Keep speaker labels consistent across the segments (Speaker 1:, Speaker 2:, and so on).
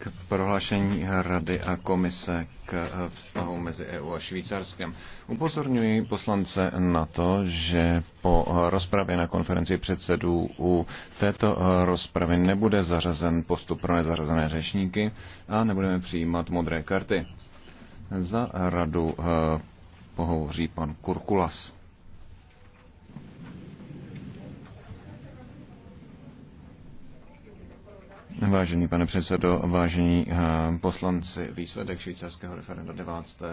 Speaker 1: k prohlášení Rady a komise k vztahu mezi EU a Švýcarskem. Upozorňuji poslance na to, že po rozpravě na konferenci předsedů u této rozpravy nebude zařazen postup pro nezařazené řečníky a nebudeme přijímat modré karty. Za radu eh, pohovoří pan Kurkulas. Vážený pane předsedo, vážení eh, poslanci, výsledek švýcarského referenda 9. Eh,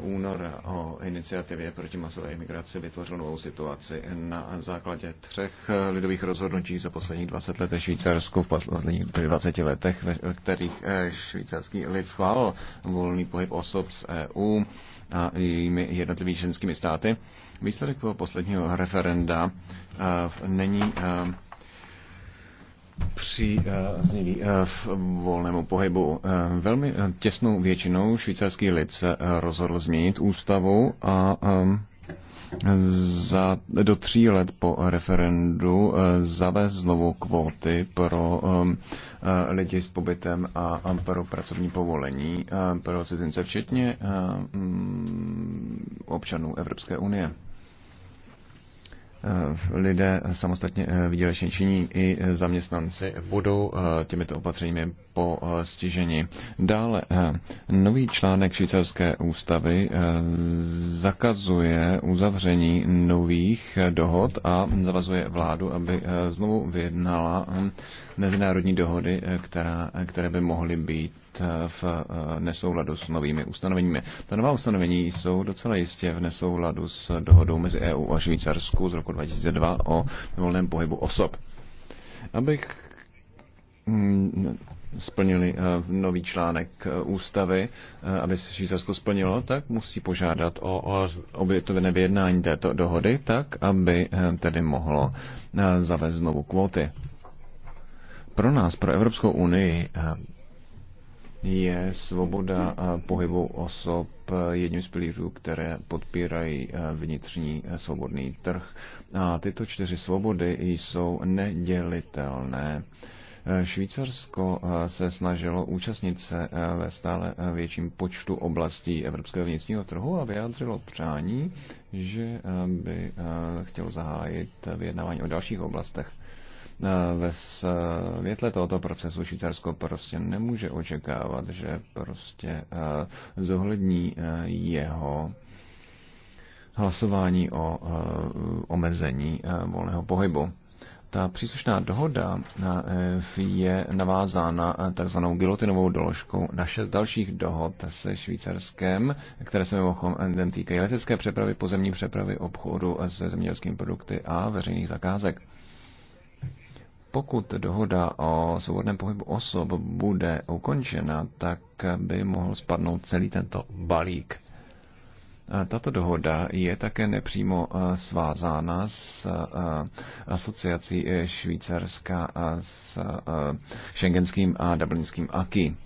Speaker 1: února o iniciativě proti masové imigraci vytvořil novou situaci. Na základě třech eh, lidových rozhodnutí za posledních 20 let v Švýcarsku, v posledních 20 letech, ve kterých švýcarský lid schválil volný pohyb osob z EU a jejími jednotlivými členskými státy, výsledek toho posledního referenda není příznivý eh, v volnému pohybu. Eh, velmi eh, těsnou většinou švýcarský lid se rozhodl změnit ústavu a ehm, za, do tří let po referendu zavést znovu kvóty pro ehm, lidi s pobytem a pro pracovní povolení pro cizince, včetně mm, občanů Evropské unie. Eh, lidé samostatně eh, výdělečně činí i eh, zaměstnanci budou těmito opatřeními postiženi. Dále, nový článek švýcarské ústavy zakazuje uzavření nových dohod a zavazuje vládu, aby znovu vyjednala mezinárodní dohody, která, které by mohly být v eh, nesouladu s novými ustanoveními. Ta nová ustanovení jsou docela jistě v nesouladu s dohodou mezi EU a Švýcarskou z roku 2002 o volném pohybu osob. Abych mm, splnili eh, nový článek eh, ústavy, aby se Švýcarsko splnilo, tak musí požádat o obětovené vyjednání této dohody, tak aby tedy mohlo zavést znovu kvóty. Pro nás, pro Evropskou unii, je svoboda pohybu osob eh, jedním z pilířů, které podpírají eh, vnitřní eh, svobodný trh. A tyto čtyři svobody jsou nedělitelné. Švýcarsko se snažilo účastnit se ve stále větším počtu oblastí evropského vnitřního trhu a vyjádřilo přání, že by chtělo zahájit vyjednávání o dalších oblastech. Eh, ve světle tohoto procesu Švýcarsko prostě nemůže očekávat, že prostě eh, zohlední eh, jeho hlasování o omezení volného pohybu. Ta příslušná dohoda je navázána takzvanou gilotinovou doložkou na šest dalších dohod se Švýcarskem, které se mimochodem týkají letecké přepravy, pozemní přepravy, obchodu se zemědělskými produkty a veřejných zakázek pokud dohoda o svobodném pohybu osob bude ukončena, tak by mohl spadnout celý tento balík. Tato dohoda je také nepřímo svázána s asociací e, Švýcarska a s šengenským a dublinským AKI.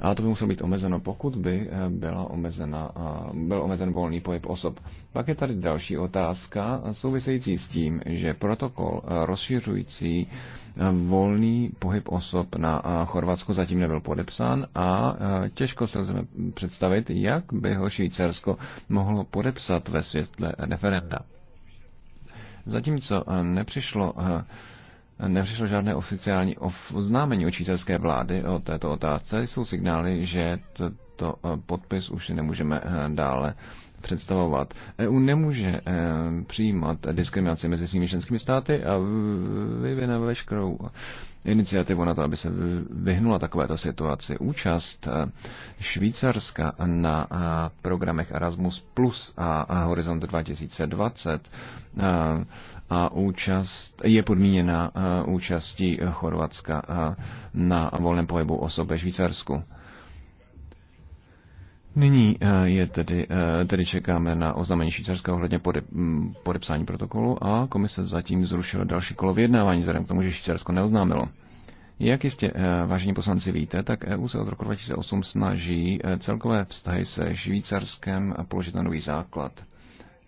Speaker 1: A to by muselo být omezeno, pokud by eh, byla omezena, byl omezen volný pohyb osob. Pak je tady další otázka související s tím, že protokol eh, rozšiřující eh, volný pohyb osob na Chorvatsko zatím nebyl podepsán a těžko se lze představit, jak by ho Švýcarsko mohlo podepsat ve světle referenda. Zatímco nepřišlo nepřišlo žádné oficiální oznámení od vlády o této otázce. Jsou signály, že to eh, podpis už nemůžeme eh, dále představovat. EU nemůže eh, přijímat diskriminaci mezi svými členskými státy a vyvine veškerou iniciativu na to, aby se vyhnula takovéto situaci. Účast Švýcarska na programech Erasmus Plus a Horizont 2020 a účast je podmíněna účastí Chorvatska na volném pohybu osob ve Švýcarsku. Nyní je tedy, tedy čekáme na oznámení Švýcarska ohledně pode, podepsání protokolu a komise zatím zrušila další kolo vyjednávání, vzhledem k tomu, že Švýcarsko neoznámilo. Jak jistě, vážení poslanci, víte, tak EU se od roku 2008 snaží celkové vztahy se Švýcarskem položit na nový základ.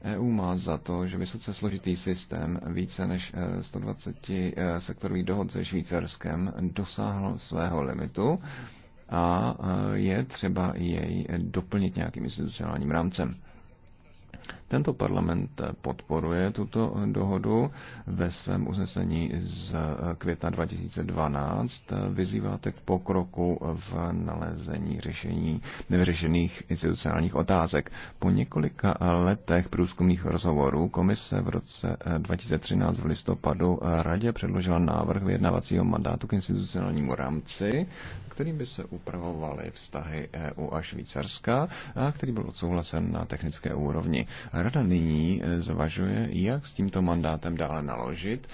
Speaker 1: EU má za to, že vysoce složitý systém více než 120 e, e, sektorových dohod se Švýcarskem dosáhl svého limitu a e, je třeba jej doplnit nějakým institucionálním rámcem. Tento parlament podporuje tuto dohodu ve svém usnesení z května 2012. Vyzýváte k pokroku v nalezení řešení nevyřešených institucionálních otázek. Po několika letech průzkumných rozhovorů komise v roce 2013 v listopadu radě předložila návrh vyjednavacího mandátu k institucionálnímu rámci, kterým by se upravovaly vztahy EU a Švýcarska a který byl odsouhlasen na technické úrovni. Rada nyní eh, zvažuje, jak s tímto mandátem dále naložit,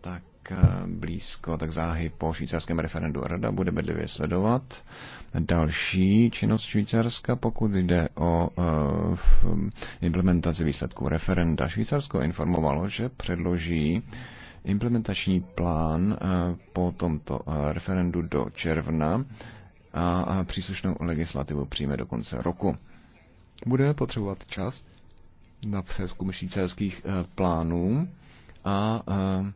Speaker 1: tak eh, blízko, tak záhy po švýcarském referendu Rada bude bedlivě sledovat. Další činnost Švýcarska, pokud jde o eh, implementaci výsledků referenda. Švýcarsko informovalo, že předloží implementační plán po tomto referendu do června a příslušnou legislativu přijme do konce roku. Bude potřebovat čas na přeskum švýcarských eh, plánů a eh,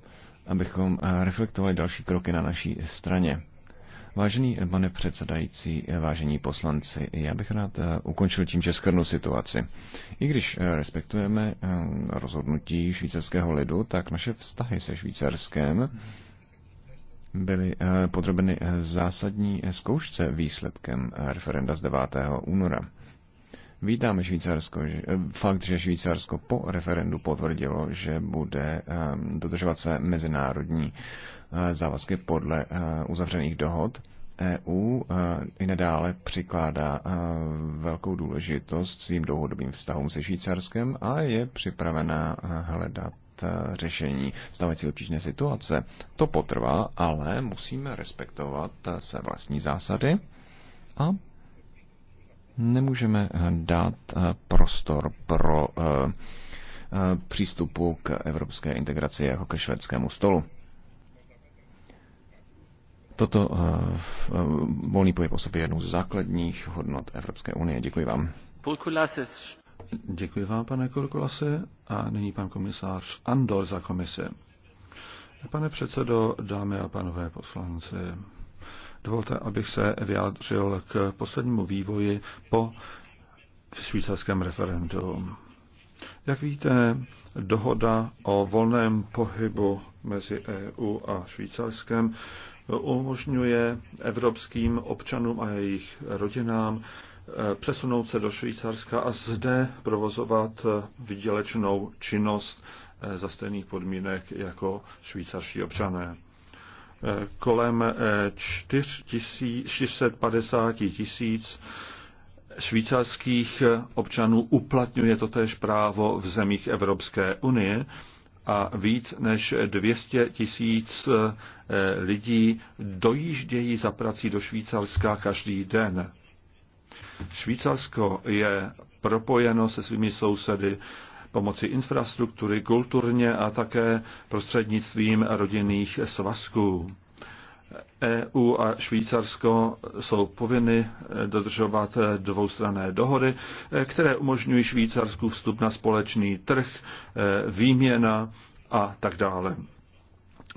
Speaker 1: abychom eh, reflektovali další kroky na naší straně. Vážený pane předsedající, vážení poslanci, já bych rád ukončil tím, že schrnu situaci. I když respektujeme rozhodnutí švýcarského lidu, tak naše vztahy se švýcarském byly podrobeny zásadní zkoušce výsledkem referenda z 9. února. Vítáme Švýcarsko, že, eh, fakt, že Švýcarsko po referendu potvrdilo, že bude eh, dodržovat své mezinárodní eh, závazky podle uzavřených dohod. EU i nadále přikládá velkou důležitost svým dlouhodobým vztahům se Švýcarskem a je připravená hledat řešení stávající obtížné situace. To potrvá, ale musíme respektovat své vlastní zásady a nemůžeme eh, dát eh, prostor pro eh, přístupu k evropské integraci jako ke švédskému stolu. Toto volný pohyb osoby je jednou z základních hodnot Evropské unie. Děkuji vám.
Speaker 2: Děkuji vám, pane Kurkulase. A nyní pan komisář Andor za komise. Pane předsedo, dámy a panové poslanci, Dovolte, abych se vyjádřil k poslednímu vývoji po švýcarském referendu. Jak víte, dohoda o volném pohybu mezi EU a Švýcarskem umožňuje evropským občanům a jejich rodinám eh, přesunout se do Švýcarska a zde provozovat vydělečnou činnost eh, za stejných podmínek jako švýcarští občané kolem 450 eh, tisíc švýcarských občanů uplatňuje totéž právo v zemích Evropské unie a víc než 200 tisíc eh, lidí dojíždějí za prací do Švýcarska každý den. Švýcarsko je propojeno se svými sousedy pomocí infrastruktury, kulturně a také prostřednictvím rodinných svazků. EU a Švýcarsko jsou povinny dodržovat dvoustranné dohody, které umožňují Švýcarsku vstup na společný trh, e, výměna a tak dále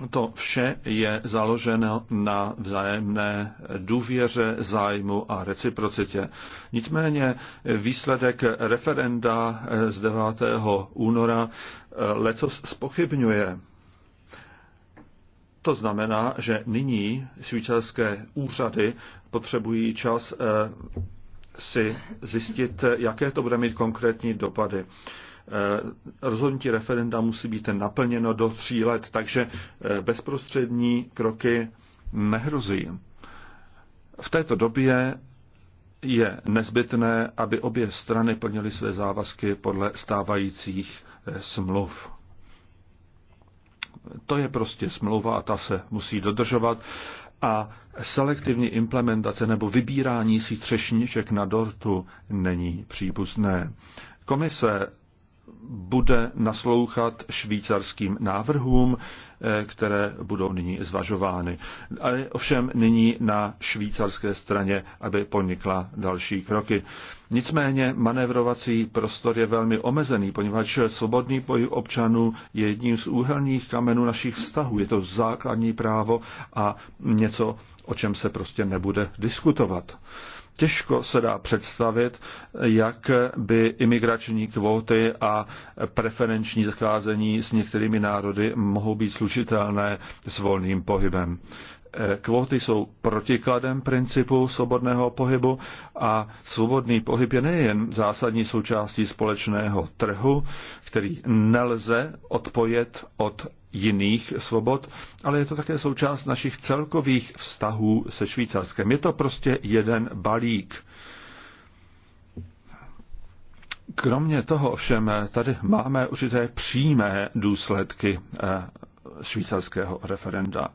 Speaker 2: to vše je založeno na vzájemné důvěře, zájmu a reciprocitě. Nicméně výsledek referenda z 9. února eh, letos spochybňuje. To znamená, že nyní švýcarské úřady potřebují čas eh, si zjistit, jaké to bude mít konkrétní dopady. Eh, rozhodnutí referenda musí být naplněno do tří let, takže eh, bezprostřední kroky nehrozí. V této době je nezbytné, aby obě strany plnily své závazky podle stávajících eh, smluv. To je prostě smlouva a ta se musí dodržovat a selektivní implementace nebo vybírání si třešniček na dortu není přípustné. Komise bude naslouchat švýcarským návrhům, eh, které budou nyní zvažovány. Ale ovšem nyní na švýcarské straně, aby ponikla další kroky. Nicméně manévrovací prostor je velmi omezený, poněvadž svobodný pohyb občanů je jedním z úhelných kamenů našich vztahů. Je to základní právo a něco, o čem se prostě nebude diskutovat. Těžko se dá představit, jak by imigrační kvóty a preferenční zacházení s některými národy mohou být slušitelné s volným pohybem. Eh, kvóty jsou protikladem principu svobodného pohybu a svobodný pohyb je nejen zásadní součástí společného trhu, který nelze odpojet od jiných svobod, ale je to také součást našich celkových vztahů se Švýcarskem. Je to prostě jeden balík. Kromě toho ovšem eh, tady máme určité přímé důsledky eh, švýcarského referenda.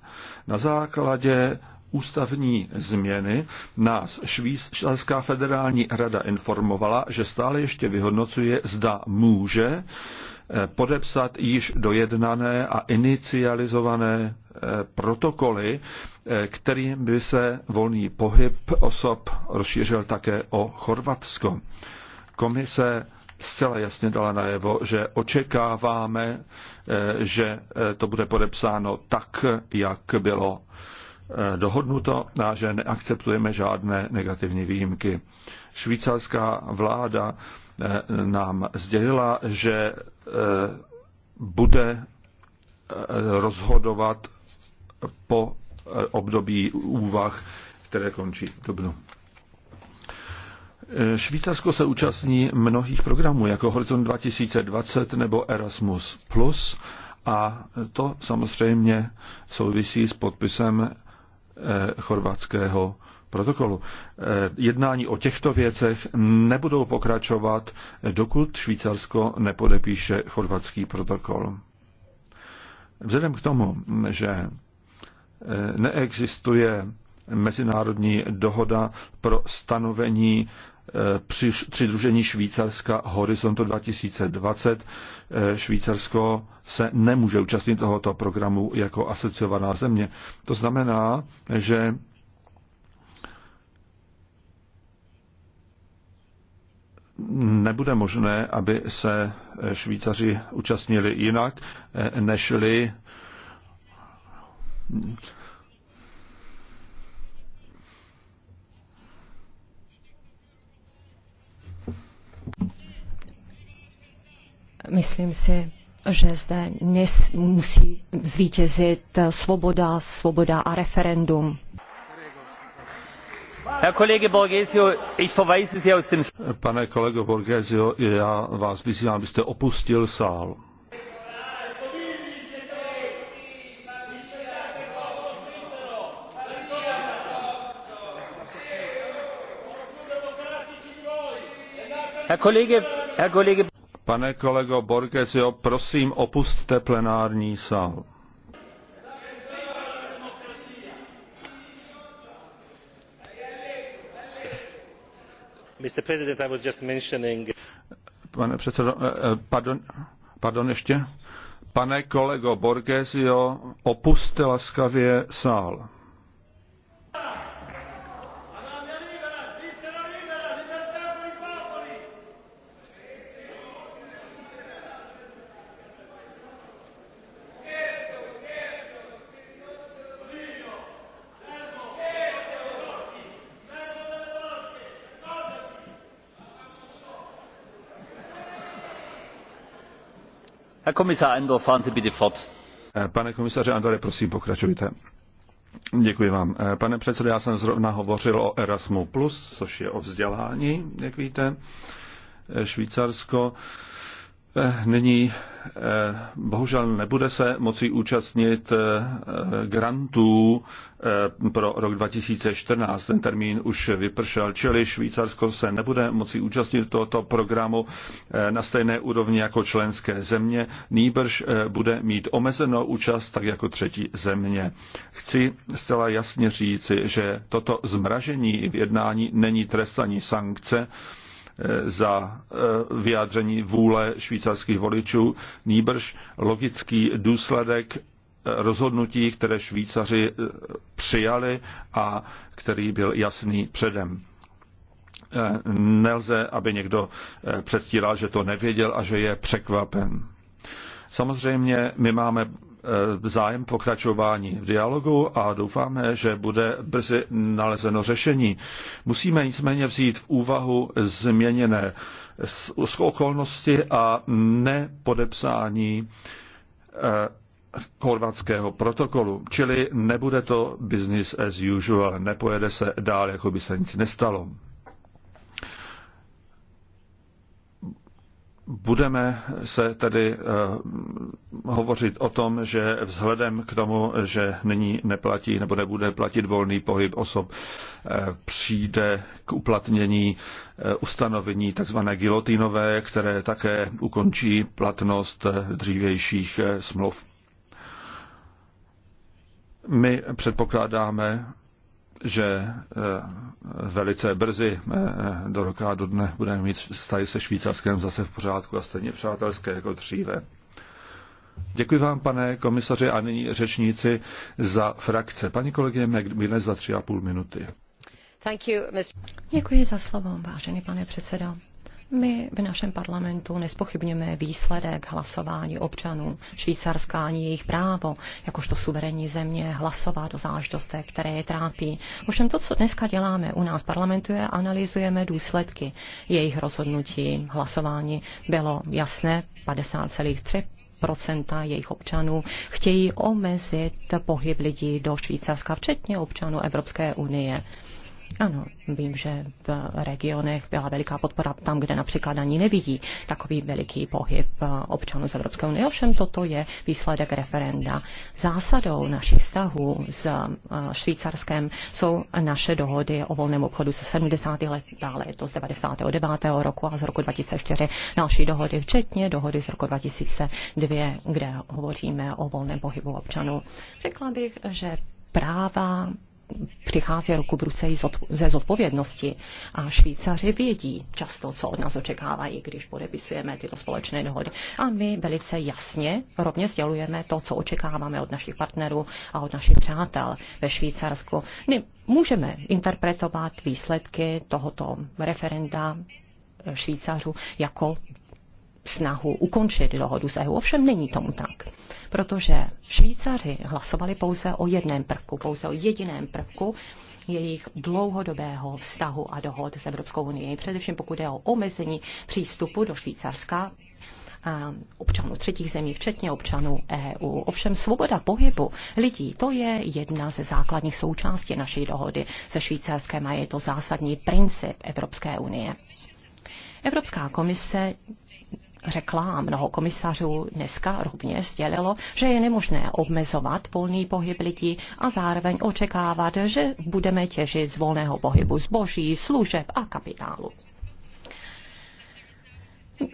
Speaker 2: Na základě ústavní změny nás Švýcarská federální rada informovala, že stále ještě vyhodnocuje, zda může eh, podepsat již dojednané a inicializované eh, protokoly, eh, kterým by se volný pohyb osob rozšířil také o Chorvatsko. Komise zcela jasně dala najevo, že očekáváme, eh, že eh, to bude podepsáno tak, jak bylo eh, dohodnuto a že neakceptujeme žádné negativní výjimky. Švýcarská vláda nám sdělila, že bude rozhodovat po období úvah, které končí dubnu. Švýcarsko se účastní mnohých programů, jako Horizon 2020 nebo Erasmus+, a to samozřejmě souvisí s podpisem eh, chorvatského protokolu. Eh, jednání o těchto věcech nebudou pokračovat, dokud Švýcarsko nepodepíše chorvatský protokol. Vzhledem k tomu, že eh, neexistuje mezinárodní dohoda pro stanovení při přidružení Švýcarska Horizontu 2020. Eh, Švýcarsko se nemůže účastnit tohoto programu jako asociovaná země. To znamená, že nebude možné, aby se eh, Švýcaři účastnili jinak, eh, nešli.
Speaker 3: Myslím si, že zde dnes musí zvítězit svoboda, svoboda a referendum.
Speaker 2: Pane kolego Borgesio, já vás vyzývám, abyste opustil sál. Pane kolego Borgesio, prosím opustte plenární sál. Pane předsedo, eh, eh, pardon, pardon ještě. Pane kolego Borgesio, opusťte laskavě sál. Eh, pane komisaři Andore, prosím, pokračujte. Děkuji vám. Eh, pane předsedo, já jsem zrovna hovořil o Erasmu+, což je o vzdělání, jak víte. Eh, Švýcarsko Eh, nyní eh, bohužel nebude se moci účastnit eh, grantů pro rok 2014. Ten termín už vypršel, čili Švýcarsko se nebude moci účastnit tohoto programu na stejné úrovni jako členské země. Nýbrž bude mít omezenou účast tak jako třetí země. Chci zcela jasně říci, že toto zmražení v jednání není trest ani sankce, Eh, za eh, vyjádření vůle švýcarských voličů, nýbrž logický důsledek eh, rozhodnutí, které Švýcaři přijali a který byl jasný předem. Nelze, aby někdo předstíral, že to nevěděl a že je překvapen. Samozřejmě my máme Eh, zájem pokračování v dialogu a doufáme, že bude brzy nalezeno řešení. Musíme nicméně vzít v úvahu změněné okolnosti a nepodepsání eh, chorvatského protokolu, čili nebude to business as usual, nepojede se dál, jako by se nic nestalo. Budeme se tedy eh, hovořit o tom, že vzhledem k tomu, že nyní neplatí nebo nebude platit volný pohyb osob, eh, přijde k uplatnění eh, ustanovení tzv. gilotínové, které také ukončí platnost dřívějších smluv. My předpokládáme, že eh, velice brzy eh, do roka a do dne budeme mít stají se Švýcarskem zase v pořádku a stejně přátelské jako dříve. Děkuji vám, pane komisaři, a nyní řečníci za frakce. Paní kolegyně McGuinness za tři a půl minuty.
Speaker 3: You, Děkuji za slovo, vážený pane předsedo. My v našem parlamentu nespochybňujeme výsledek hlasování občanů Švýcarska ani jejich právo, jakožto suverénní země, hlasovat o záležitostech, které je trápí. Ovšem to, co dneska děláme u nás v parlamentu, je analyzujeme důsledky jejich rozhodnutí. Hlasování bylo jasné, 50,3 procenta jejich občanů chtějí omezit pohyb lidí do Švýcarska, včetně občanů Evropské unie. Ano, vím, že v regionech byla veliká podpora tam, kde například ani nevidí takový veliký pohyb eh, občanů z Evropské unie. Ovšem toto je výsledek referenda. Zásadou našich vztahů s eh, Švýcarskem jsou naše dohody o volném obchodu ze 70. let, dále je to z 99. roku a z roku 2004 další dohody, včetně dohody z roku 2002, kde hovoříme o volném pohybu občanů. Řekla bych, že práva přichází ruku v ruce ze zodpovědnosti. A Švýcaři vědí často, co od nás očekávají, když podepisujeme tyto společné dohody. A my velice jasně rovně sdělujeme to, co očekáváme od našich partnerů a od našich přátel ve Švýcarsku. My můžeme interpretovat výsledky tohoto referenda Švýcařů jako snahu ukončit dohodu s EU. Ovšem není tomu tak, protože Švýcaři hlasovali pouze o jednom prvku, pouze o jediném prvku jejich dlouhodobého vztahu a dohod s Evropskou unii, především pokud je o omezení přístupu do Švýcarska občanů třetích zemí, včetně občanů EU. Ovšem svoboda pohybu lidí, to je jedna ze základních součástí naší dohody se Švýcarskem a je to zásadní princip Evropské unie. Evropská komise řekla a mnoho komisařů dneska rovněž sdělilo, že je nemožné obmezovat volný pohyb lidí a zároveň očekávat, že budeme těžit z volného pohybu zboží, služeb a kapitálu.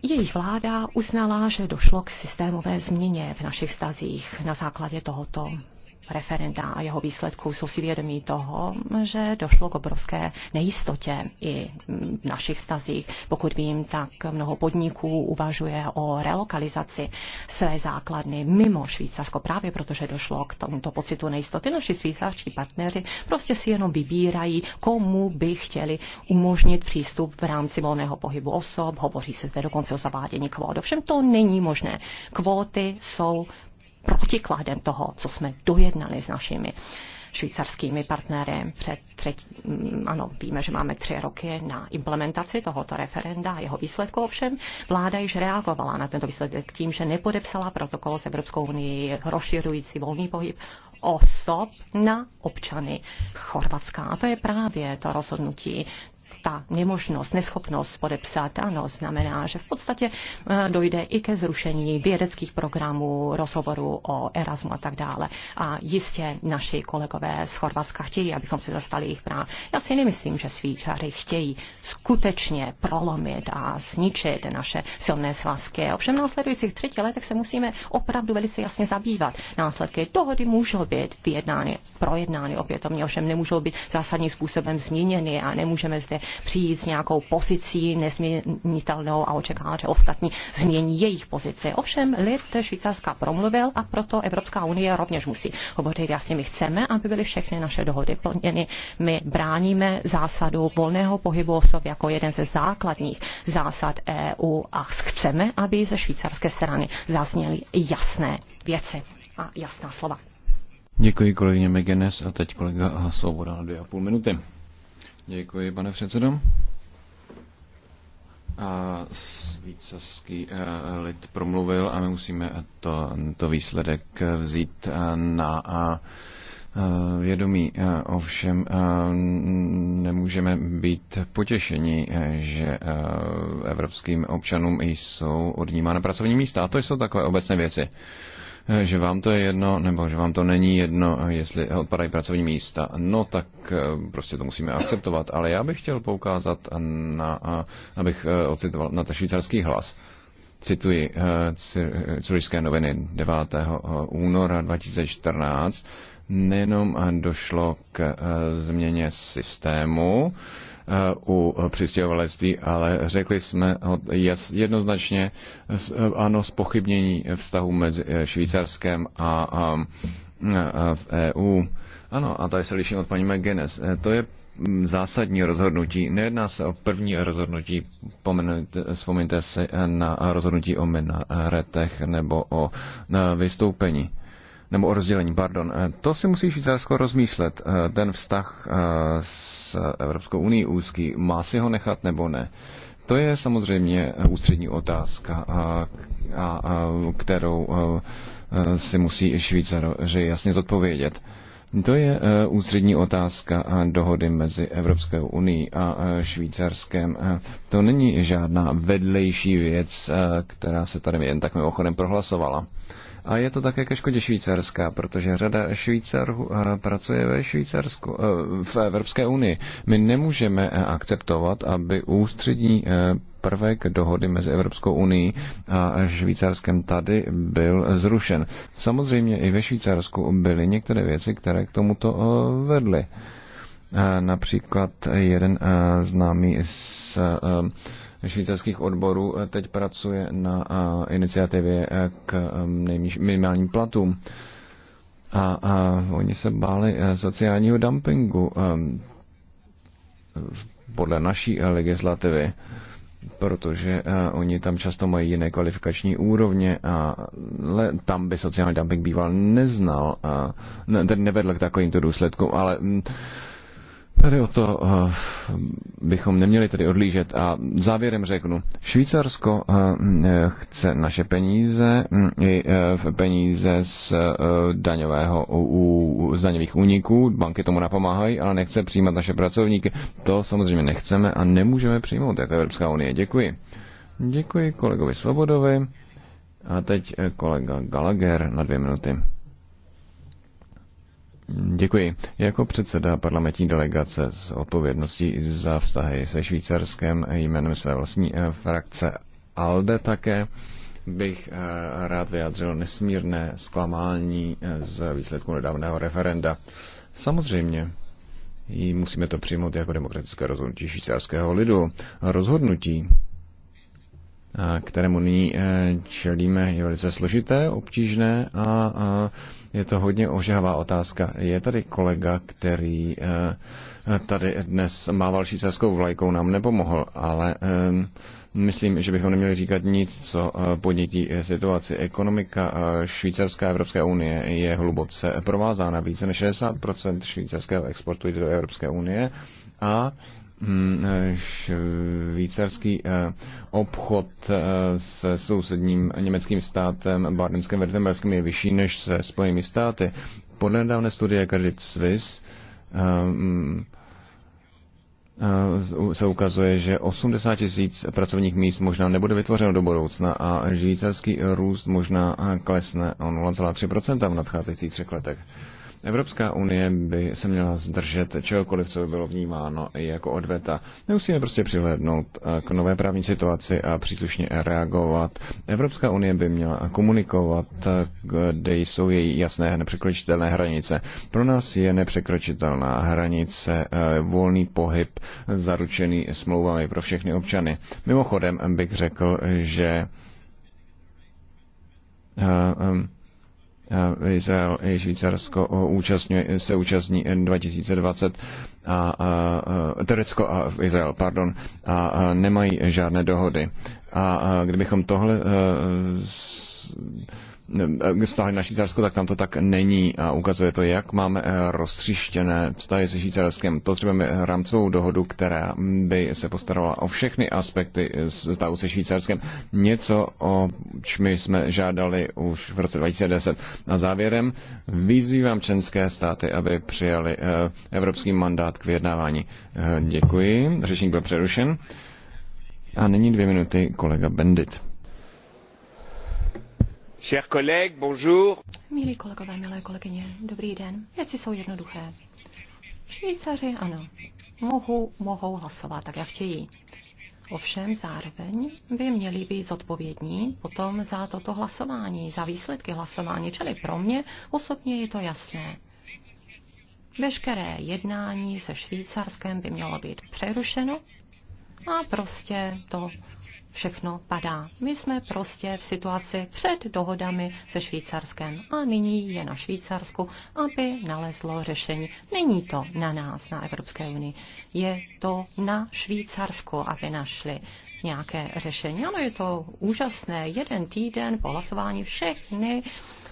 Speaker 3: Jejich vláda uznala, že došlo k systémové změně v našich stazích na základě tohoto referenda a jeho výsledků jsou si vědomí toho, že došlo k obrovské nejistotě i v našich stazích. Pokud vím, tak mnoho podniků uvažuje o relokalizaci své základny mimo Švýcarsko, právě protože došlo k tomuto pocitu nejistoty. Naši švýcarští partneři prostě si jenom vybírají, komu by chtěli umožnit přístup v rámci volného pohybu osob. Hovoří se zde dokonce o zavádění kvót. Ovšem to není možné. Kvóty jsou protikladem toho, co jsme dojednali s našimi švýcarskými partnery. Před třetí, mm, ano, víme, že máme tři roky na implementaci tohoto referenda a jeho výsledku. Ovšem vláda již reagovala na tento výsledek tím, že nepodepsala protokol s Evropskou unii rozšiřující volný pohyb osob na občany Chorvatska. A to je právě to rozhodnutí ta nemožnost, neschopnost podepsat, ano, znamená, že v podstatě eh, dojde i ke zrušení vědeckých programů, rozhovorů o Erasmu a tak dále. A jistě naši kolegové z Chorvatska chtějí, abychom se zastali jejich práv. Já si nemyslím, že svíčáři chtějí skutečně prolomit a zničit naše silné svazky. Ovšem následujících třetí letech se musíme opravdu velice jasně zabývat. Následky dohody můžou být vyjednány, projednány opětovně, ovšem nemůžou být zásadním způsobem změněny a nemůžeme zde přijít s nějakou pozicí nezměnitelnou a očekávat, že ostatní změní jejich pozici. Ovšem lid Švýcarska promluvil a proto Evropská unie rovněž musí hovořit jasně. My chceme, aby byly všechny naše dohody plněny. My bráníme zásadu volného pohybu osob jako jeden ze základních zásad EU a chceme, aby ze švýcarské strany zazněly jasné věci a jasná slova.
Speaker 1: Děkuji kolegyně Megenes a teď kolega Svoboda na dvě a půl minuty. Děkuji, pane předsedo. A švýcarský eh, lid promluvil a my musíme to, to výsledek vzít eh, na a eh, vědomí. Ovšem nemůžeme být potěšeni, že evropským občanům jsou odnímána pracovní místa. A to jsou takové obecné věci. Eh, že vám to je jedno, nebo že vám to není jedno, eh, jestli odpadají pracovní místa, no tak eh, prostě to musíme akceptovat. Ale já bych chtěl poukázat na, abych ocitoval na ten švýcarský hlas. Cituji Curišské noviny 9. února 2014. Nejenom došlo k změně systému, Eh, u přistěhovalectví, ale řekli jsme jednoznačně eh, ano spochybnění vztahu mezi eh, Švýcarskem a mm, v EU. Ano, a tady se liším od paní McGuinness. To je mm, zásadní rozhodnutí. Nejedná se o první rozhodnutí. Pomenujte, vzpomeňte si na rozhodnutí o minaretech nebo o vystoupení nebo o rozdělení, pardon. To si musí Švýcarsko rozmýšlet, ten vztah s s Evropskou unii úzký, má si ho nechat nebo ne. To je samozřejmě ústřední otázka, a, a, a, kterou a, si musí Švýcaři jasně zodpovědět. To je e, ústřední otázka dohody mezi Evropskou unii a Švýcarskem. To není žádná vedlejší věc, která se tady jen tak mimochodem prohlasovala. A je to také ke škodě Švýcarska, protože řada Švýcarů eh, pracuje ve Švýcarsku, eh, v Evropské unii. My nemůžeme eh, akceptovat, aby ústřední prvek dohody mezi Evropskou unii a Švýcarskem tady byl zrušen. Samozřejmě i ve Švýcarsku byly některé věci, které k tomuto vedly. Například jeden známý z švýcarských odborů eh, teď pracuje na eh, iniciativě eh, k minimálním platům. A, a oni se báli sociálního dumpingu podle naší legislativy, protože oni tam často mají jiné kvalifikační úrovně a tam by sociální dumping býval neznal, a, ten nevedl k takovýmto důsledkům, ale mm, Tady o to eh, bychom neměli tedy odlížet a závěrem řeknu, Švýcarsko eh, eh, chce naše peníze hm, i peníze z daňového z daňových úniků, banky tomu napomáhají, ale nechce přijímat naše pracovníky. To samozřejmě nechceme a nemůžeme přijmout jako Evropská unie. Děkuji. Děkuji kolegovi Svobodovi a teď kolega Gallagher na dvě minuty. Děkuji. Jako předseda parlamentní delegace s odpovědností za vztahy se Švýcarskem jménem své vlastní eh, frakce ALDE také bych eh, rád vyjádřil nesmírné zklamání eh, z výsledku nedávného referenda. Samozřejmě, musíme to přijmout jako demokratické rozhodnutí švýcarského lidu. Rozhodnutí, kterému nyní e, čelíme, je velice složité, obtížné a je to hodně ožahavá otázka. Je tady kolega, který e, tady dnes mával švýcarskou vlajkou, nám nepomohl, ale e, myslím, že bychom neměli říkat nic, co podnětí situaci. Ekonomika švýcarská, Evropské unie je hluboce provázána. Více než 60% švýcarského exportu jde do Evropské unie a Hm, eh, švýcarský eh, obchod eh, se sousedním německým státem Bardenským Württemberským je vyšší než se Spojenými státy. Podle nedávné studie Credit Suisse hm, se ukazuje, že 80 tisíc pracovních míst možná nebude vytvořeno do budoucna a švýcarský růst možná klesne o 0,3% v nadcházejících třech letech. Evropská unie by se měla zdržet čehokoliv, co by bylo vnímáno i jako odveta. Nemusíme prostě přihlédnout eh, k nové právní situaci a příslušně reagovat. Evropská unie by měla komunikovat, eh, kde jsou její jasné nepřekročitelné hranice. Pro nás je nepřekročitelná hranice eh, volný pohyb zaručený smlouvami pro všechny občany. Mimochodem bych řekl, že Eh, Izrael i Švýcarsko eh, se účastní 2020 a, a Turecko a Izrael, pardon, a, a nemají žádné dohody. A, a kdybychom tohle a, eh, s, Ehm, vztahy na Švýcarsko, tak tam to tak není a ukazuje to, jak máme eh, roztříštěné vztahy se Švýcarskem. Potřebujeme rámcovou dohodu, která by se postarala o všechny aspekty eh, vztahu se Švýcarskem. Něco, o čem jsme žádali už v roce 2010. A závěrem vyzývám členské státy, aby přijali eh, evropský mandát k vyjednávání. Děkuji. Řečník byl přerušen. A nyní dvě minuty kolega Bendit. Chers collègues, bonjour.
Speaker 3: Milí kolegové, milé kolegyně, dobrý den. Věci jsou jednoduché. Švýcaři ano, mohou, mohou hlasovat tak, jak chtějí. Ovšem zároveň by měli být zodpovědní potom za toto hlasování, za výsledky hlasování, čili pro mě osobně je to jasné. Veškeré jednání se Švýcarskem by mělo být přerušeno a prostě to všechno padá. My jsme prostě v situaci před dohodami se Švýcarskem a nyní je na Švýcarsku, aby nalezlo řešení. Není to na nás, na Evropské unii, je to na Švýcarsko, aby našli nějaké řešení. Ano, je to úžasné. Jeden týden po hlasování všechny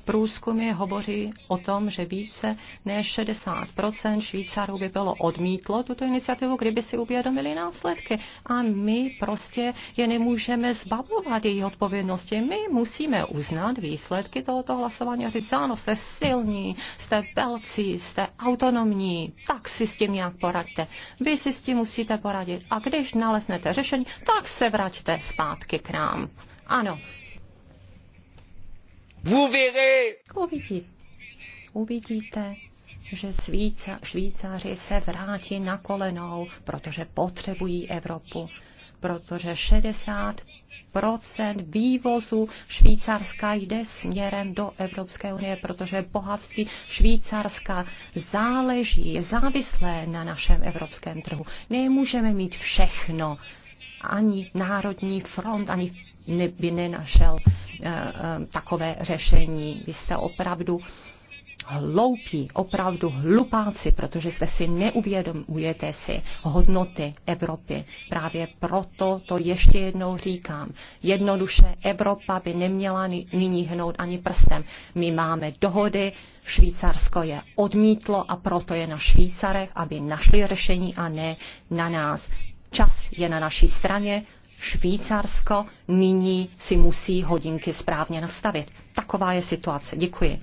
Speaker 3: Průzkumy hovoří o tom, že více než 60 Švýcarů by bylo odmítlo tuto iniciativu, kdyby si uvědomili následky. A my prostě je nemůžeme zbavovat její odpovědnosti. My musíme uznat výsledky tohoto hlasování a říct, ano, jste silní, jste velcí, jste autonomní, tak si s tím nějak poradte. Vy si s tím musíte poradit. A když naleznete řešení, tak se vraťte zpátky k nám. Ano, Vous verrez. Uvidíte. Uvidíte že Svíca, Švýcaři se vrátí na kolenou, protože potřebují Evropu. Protože 60 vývozu Švýcarska jde směrem do Evropské unie, protože bohatství Švýcarska záleží, je závislé na našem evropském trhu. Nemůžeme mít všechno, ani Národní front, ani by nenašel eh, eh, takové řešení. Vy jste opravdu hloupí, opravdu hlupáci, protože jste si neuvědomujete si hodnoty Evropy. Právě proto to ještě jednou říkám. Jednoduše Evropa by neměla nyní hnout ani prstem. My máme dohody, Švýcarsko je odmítlo a proto je na Švýcarech, aby našli řešení a ne na nás. Čas je na naší straně, Švýcarsko nyní si musí hodinky správně nastavit. Taková je situace. Děkuji.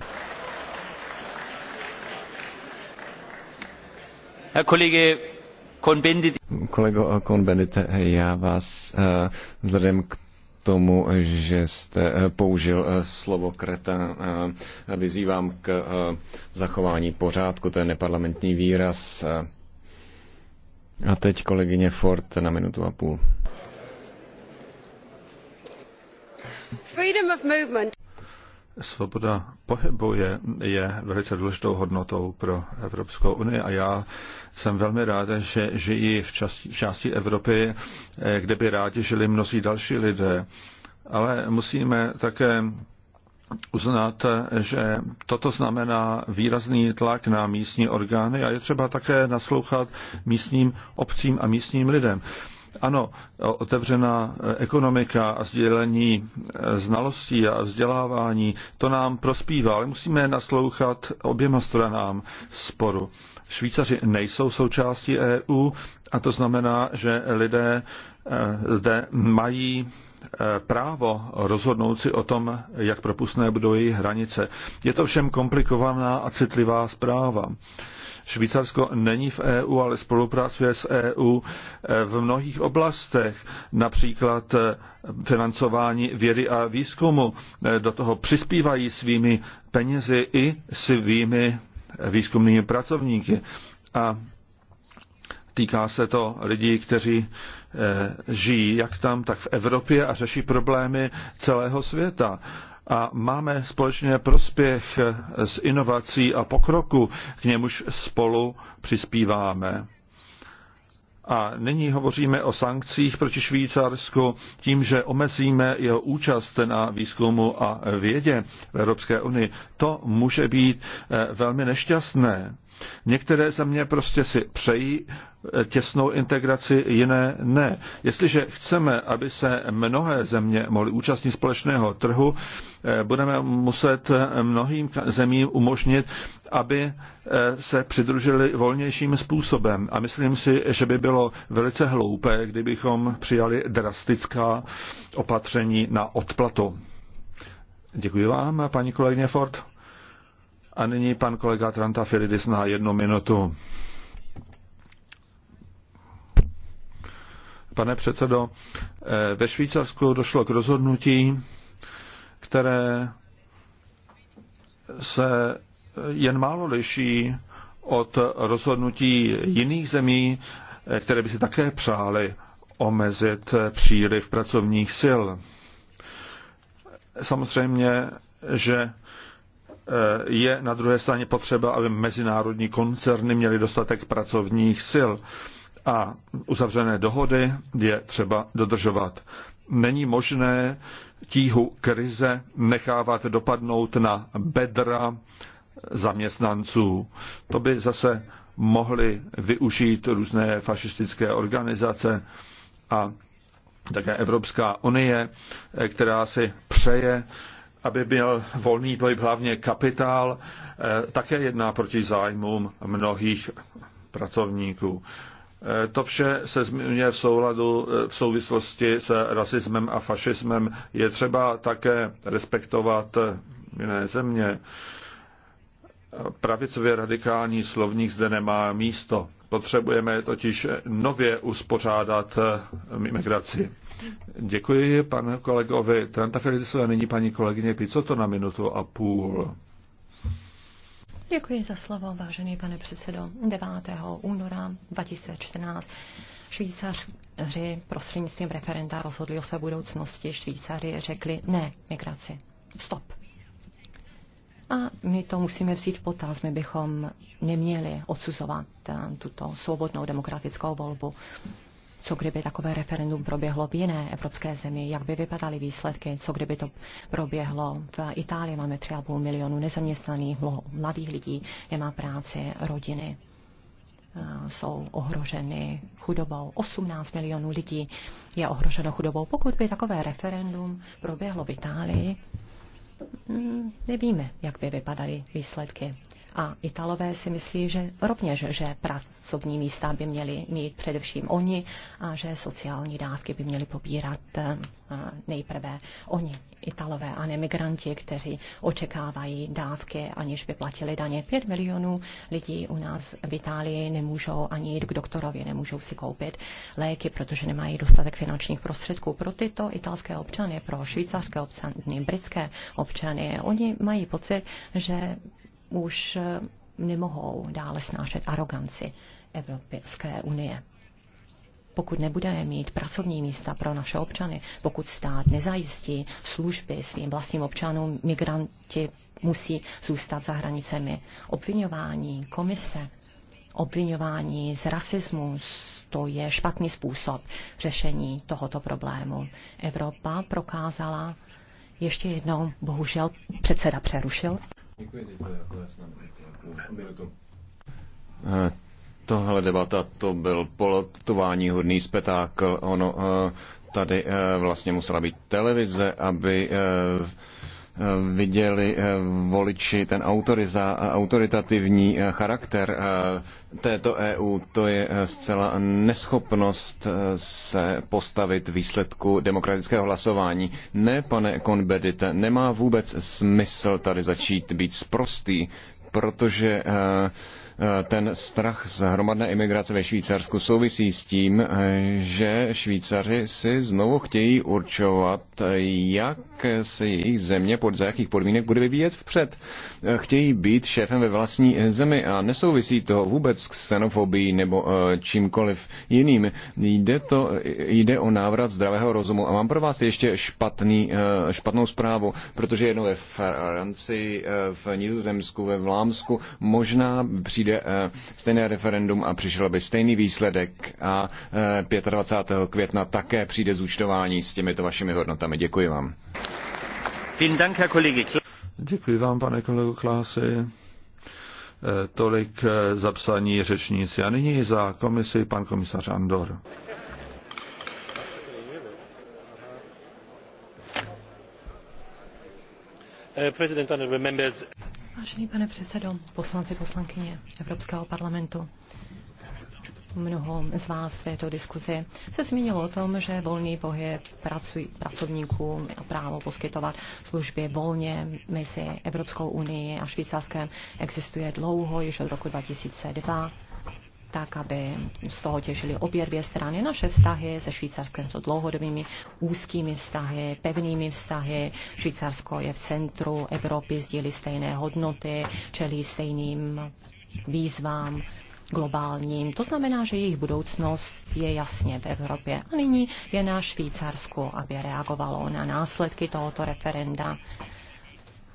Speaker 1: Herr Kollege Kohn-Bendit. Kolego Kohn-Bendit, já vás eh, vzhledem k tomu, že jste eh, použil eh, slovo kreta, vyzývám k zachování pořádku, to je neparlamentní výraz. A teď kolegyně Ford na minutu a půl.
Speaker 2: Svoboda pohybu je, je velice důležitou hodnotou pro Evropskou unii a já jsem velmi rád, že žijí v části, v části Evropy, eh, kde by rádi žili mnozí další lidé. Ale musíme také uznat, že toto znamená výrazný tlak na místní orgány a je třeba také naslouchat místním obcím a místním lidem. Ano, otevřená eh, ekonomika a sdělení eh, znalostí a vzdělávání, to nám prospívá, ale musíme naslouchat oběma stranám sporu. Švýcaři nejsou součástí EU a to znamená, že lidé eh, zde mají právo rozhodnout si o tom, jak propustné budou jejich hranice. Je to všem komplikovaná a citlivá zpráva. Švýcarsko není v EU, ale spolupracuje s EU eh, v mnohých oblastech, například eh, financování vědy a výzkumu. Eh, do toho přispívají svými penězi i svými výzkumnými pracovníky. A týká se to lidí, kteří žijí jak tam, tak v Evropě a řeší problémy celého světa a máme společně prospěch z inovací a pokroku, k němuž spolu přispíváme. A nyní hovoříme o sankcích proti Švýcarsku tím, že omezíme jeho účast na výzkumu a vědě v Evropské unii. To může být eh, velmi nešťastné. Některé země prostě si přejí eh, těsnou integraci, jiné ne. Jestliže chceme, aby se mnohé země mohly účastnit společného trhu, eh, budeme muset eh, mnohým zemím umožnit, aby se přidružili volnějším způsobem. A myslím si, že by bylo velice hloupé, kdybychom přijali drastická opatření na odplatu. Děkuji vám, paní kolegyně Ford. A nyní pan kolega Tranta Filidis na jednu minutu. Pane předsedo, eh, ve Švýcarsku došlo k rozhodnutí, které se jen málo liší od rozhodnutí jiných zemí, eh, které by si také přáli omezit příliv pracovních sil. Samozřejmě, že Eh, je na druhé straně potřeba, aby mezinárodní koncerny měly dostatek pracovních sil a uzavřené dohody je třeba dodržovat. Není možné tíhu krize nechávat dopadnout na bedra zaměstnanců. To by zase mohly využít různé fašistické organizace a také Evropská unie, eh, která si přeje aby byl volný pohyb hlavně kapitál, eh, také jedná proti zájmům mnohých pracovníků. Eh, to vše se zmiňuje v souladu eh, v souvislosti s rasismem a fašismem. Je třeba také respektovat jiné země. Pravicově radikální slovník zde nemá místo. Potřebujeme totiž nově uspořádat eh, migraci. Děkuji panu kolegovi Trantafilidisu a nyní paní kolegyně Picoto na minutu a půl.
Speaker 3: Děkuji za slovo, vážený pane předsedo. 9. února 2014 Švýcaři prostřednictvím referenda rozhodli o své budoucnosti. Švýcaři řekli ne migraci. Stop. A my to musíme vzít v potaz, my bychom neměli odsuzovat eh, tuto svobodnou demokratickou volbu. Co kdyby takové referendum proběhlo v jiné evropské zemi? Jak by vypadaly výsledky? Co kdyby to proběhlo v Itálii? Máme 3,5 milionu nezaměstnaných, mnoho mladých lidí nemá práci, rodiny eh, jsou ohroženy chudobou. 18 milionů lidí je ohroženo chudobou. Pokud by takové referendum proběhlo v Itálii, nevíme, jak by vypadaly výsledky a Italové si myslí, že rovněž, že pracovní místa by měli mít především oni a že sociální dávky by měli pobírat eh, nejprve oni, Italové a nemigranti, kteří očekávají dávky, aniž by platili daně. pět milionů lidí u nás v Itálii nemůžou ani jít k doktorovi, nemůžou si koupit léky, protože nemají dostatek finančních prostředků. Pro tyto italské občany, pro švýcarské občany, britské občany, oni mají pocit, že už eh, nemohou dále snášet aroganci Evropské unie. Pokud nebudeme mít pracovní místa pro naše občany, pokud stát nezajistí služby svým vlastním občanům, migranti musí zůstat za hranicemi. Obvinování komise, obvinování z rasismu, to je špatný způsob řešení tohoto problému. Evropa prokázala ještě jednou, bohužel předseda přerušil.
Speaker 1: Eh, tohle debata, to byl polotování hodný spetákl. Ono eh, tady eh, vlastně musela být televize, aby viděli eh, voliči ten autoriza, autoritativní eh, charakter eh, této EU. To je zcela neschopnost se postavit výsledku demokratického hlasování. Ne, pane Konbedite, nemá vůbec smysl tady začít být sprostý, protože uh, Eh, ten strach z hromadné imigrace ve Švýcarsku souvisí s tím, eh, že Švýcaři si znovu chtějí určovat, eh, jak se jejich země pod za jakých podmínek bude vyvíjet vpřed. Chtějí být šéfem ve vlastní zemi a nesouvisí to vůbec s xenofobií nebo čímkoliv jiným. Jde, to, jde o návrat zdravého rozumu. A mám pro vás ještě špatný, špatnou zprávu, protože jednou ve Francii, v Nizozemsku, ve Vlámsku možná přijde přijde eh, stejné referendum a přišel by stejný výsledek a 25. Eh, května také přijde zúčtování s těmito vašimi hodnotami. Děkuji vám.
Speaker 2: Děkuji vám, pane kolego Klásy. Eh, tolik zapsaní řečníci. A nyní za komisi pan komisař Andor.
Speaker 3: Vážený pane předsedo, poslanci, poslankyně Evropského parlamentu, mnoho z vás v této diskuzi se zmínilo o tom, že volný pohyb pracovníků a právo poskytovat služby volně mezi Evropskou unii a Švýcarskem existuje dlouho, již od roku 2002 tak aby z toho těžili obě dvě strany. Naše vztahy se Švýcarskem jsou dlouhodobými úzkými vztahy, pevnými vztahy. Švýcarsko je v centru Evropy, sdílí stejné hodnoty, čelí stejným výzvám globálním. To znamená, že jejich budoucnost je jasně v Evropě. A nyní je na Švýcarsku, aby reagovalo na následky tohoto referenda.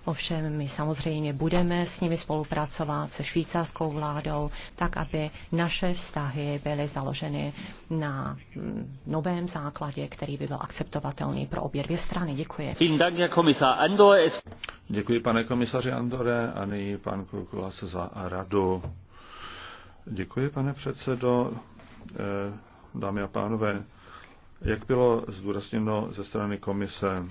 Speaker 3: Ovšem my samozřejmě budeme s nimi spolupracovat se švýcarskou vládou, tak aby naše vztahy byly založeny na mm, novém základě, který by byl akceptovatelný pro obě dvě strany.
Speaker 2: Děkuji. Děkuji, pane komisaři Andore, a nyní pan Kukulas za radu. Děkuji, pane předsedo. Eh, dámy a pánové, jak bylo zdůrazněno ze strany komise,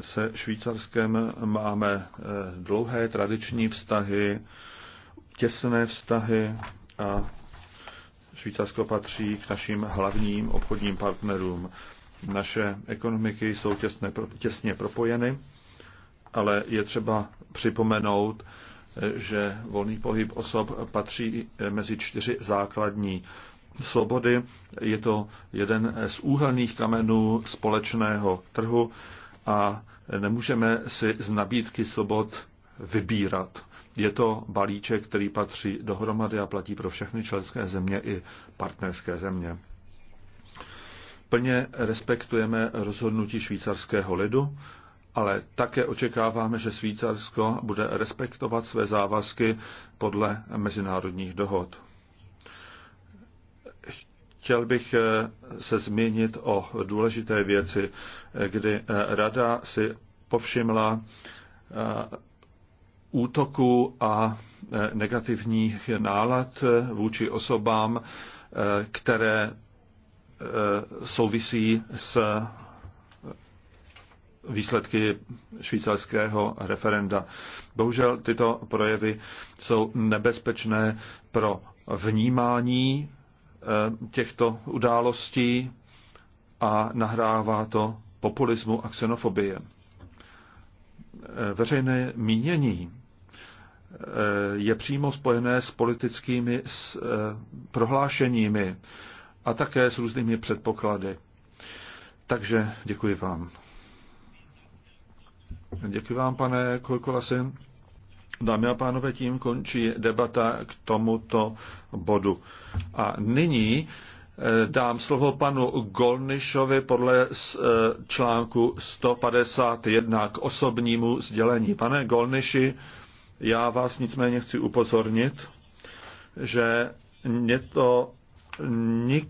Speaker 2: se Švýcarskem máme eh, dlouhé tradiční vztahy, těsné vztahy a Švýcarsko patří k našim hlavním obchodním partnerům. Naše ekonomiky jsou těsně, těsně propojeny, ale je třeba připomenout, eh, že volný pohyb osob patří eh, mezi čtyři základní svobody. Je to jeden z úhelných kamenů společného trhu a nemůžeme si z nabídky svobod vybírat. Je to balíček, který patří dohromady a platí pro všechny členské země i partnerské země. Plně respektujeme rozhodnutí švýcarského lidu, ale také očekáváme, že Švýcarsko bude respektovat své závazky podle mezinárodních dohod. Chtěl bych eh, se zmínit o důležité věci, eh, kdy eh, rada si povšimla útoku a negativních nálad vůči osobám, které souvisí s výsledky švýcarského referenda. Bohužel tyto projevy jsou nebezpečné pro vnímání Eh, těchto událostí a nahrává to populismu a xenofobie. Eh, veřejné mínění eh, je přímo spojené s politickými s prohlášeními a také s různými předpoklady. Takže děkuji vám. Děkuji vám, pane Kolkolasin. Dámy a pánové, tím končí debata k tomuto bodu. A nyní eh, dám slovo panu Golnišovi podle eh, článku 151 k osobnímu sdělení. Pane Golniši, já vás nicméně chci upozornit, že mě to nikomu